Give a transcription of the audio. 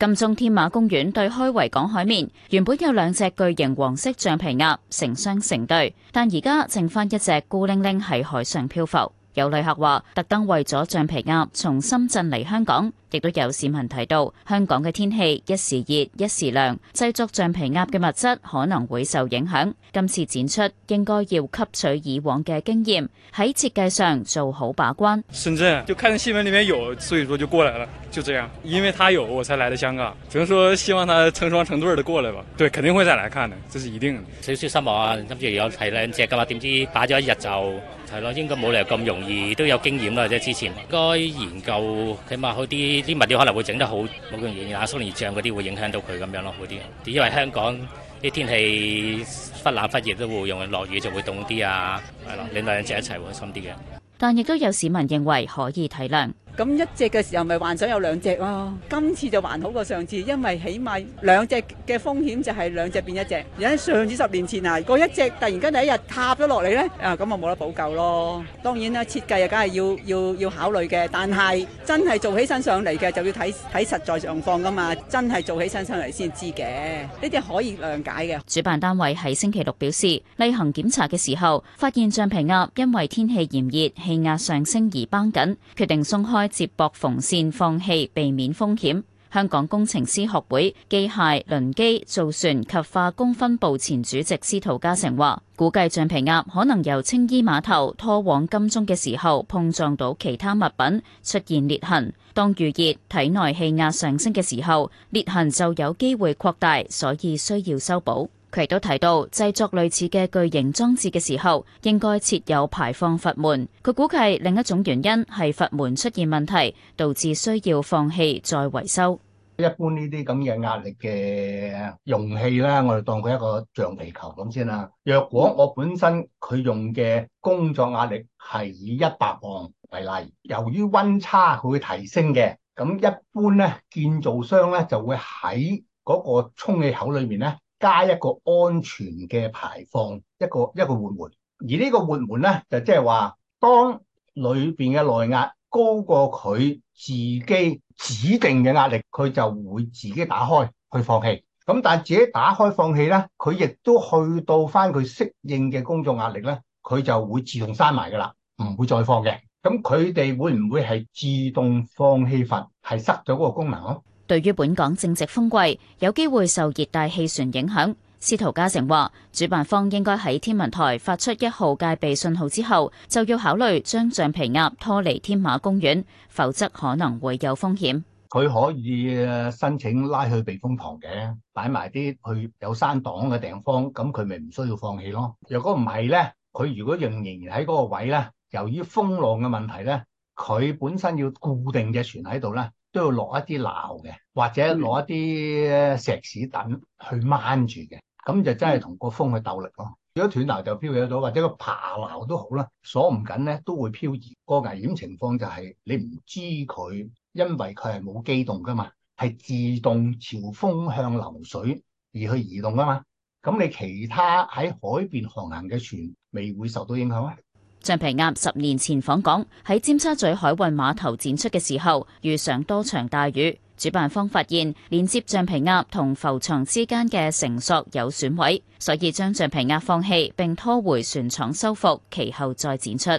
金鐘天馬公園對開維港海面，原本有兩隻巨型黃色橡皮鴨成雙成對，但而家剩返一隻孤零零喺海上漂浮。有旅客話，特登為咗橡皮鴨從深圳嚟香港。亦都有市民提到，香港嘅天氣一時熱一時涼，製作橡皮鴨嘅物質可能會受影響。今次展出應該要吸取以往嘅經驗，喺設計上做好把關。深圳就看新聞裏面有，所以說就過嚟了。就這樣，因為他有，我才來到香港。只能說希望他成雙成對的過來吧。對，肯定會再來看嘅，這是一定的。所以三寶啊，今次有齊兩隻嘅啦，點知擺咗一日就係咯，應該冇理由咁容易，都有經驗啦。即係之前該研究，起碼好啲。呢啲物料可能會整得好冇咁容易，冷縮熱漲嗰啲會影響到佢咁樣咯，嗰啲。因為香港啲天氣忽冷忽熱，都會容易落雨就會凍啲啊，係咯，你兩隻一齊會深啲嘅。但亦都有市民認為可以體諒。咁一隻嘅時候，咪幻想有兩隻喎、啊。今次就還好過上次，因為起碼兩隻嘅風險就係兩隻變一隻。而家上次十年前啊，嗰一隻突然間第一日塌咗落嚟咧，啊咁啊冇得補救咯。當然啦，設計啊，梗係要要要考慮嘅。但係真係做起身上嚟嘅，就要睇睇實在狀況噶嘛。真係做起身上嚟先知嘅，呢啲可以諒解嘅。主辦單位喺星期六表示，例行檢查嘅時候，發現橡皮鴨因為天氣炎熱，氣壓上升而繃緊，決定送開接駁縫線放氣，避免風險。香港工程師學會機械、輪機、造船及化工分部前主席司徒嘉成話：估計橡皮鴨可能由青衣碼頭拖往金鐘嘅時候，碰撞到其他物品，出現裂痕。當遇熱體內氣壓上升嘅時候，裂痕就有機會擴大，所以需要修補。佢都提到，製作類似嘅巨型裝置嘅時候，應該設有排放閥門。佢估計另一種原因係閥門出現問題，導致需要放氣再維修。一般呢啲咁嘅壓力嘅容器咧，我哋當佢一個橡皮球咁先啦。若果我本身佢用嘅工作壓力係以一百磅為例，由於溫差佢會提升嘅，咁一般咧，建造商咧就會喺嗰個充氣口裏面咧。加一個安全嘅排放，一個一個活門。而呢個活門咧，就即係話，當裏面嘅內壓高過佢自己指定嘅壓力，佢就會自己打開去放氣。咁但係自己打開放氣咧，佢亦都去到翻佢適應嘅工作壓力咧，佢就會自動閂埋㗎啦，唔會再放嘅。咁佢哋會唔會係自動放氣閥係塞咗嗰個功能？對於本港正值風季，有機會受熱帶氣旋影響，司徒嘉誠話，主辦方應該喺天文台發出一號戒備信號之後，就要考慮將橡皮鴨拖離天馬公園，否則可能會有風險。佢可以申請拉去避風塘嘅，擺埋啲去有山擋嘅地方，咁佢咪唔需要放氣咯。若果唔係呢，佢如果仍仍然喺嗰個位呢，由於風浪嘅問題呢，佢本身要固定嘅船喺度呢。都要落一啲鬧嘅，或者攞一啲石屎墩去掹住嘅，咁就真係同個風去鬥力咯。如果斷流就漂走咗，或者個爬流都好啦，鎖唔緊咧都會漂移。個危險情況就係、是、你唔知佢，因為佢係冇機動噶嘛，係自動朝風向流水而去移動噶嘛。咁你其他喺海邊航行嘅船未會受到影響咩？橡皮鴨十年前訪港，喺尖沙咀海運碼頭展出嘅時候，遇上多場大雨。主辦方發現連接橡皮鴨同浮牆之間嘅繩索有損毀，所以將橡皮鴨放氣，並拖回船廠修復，其後再展出。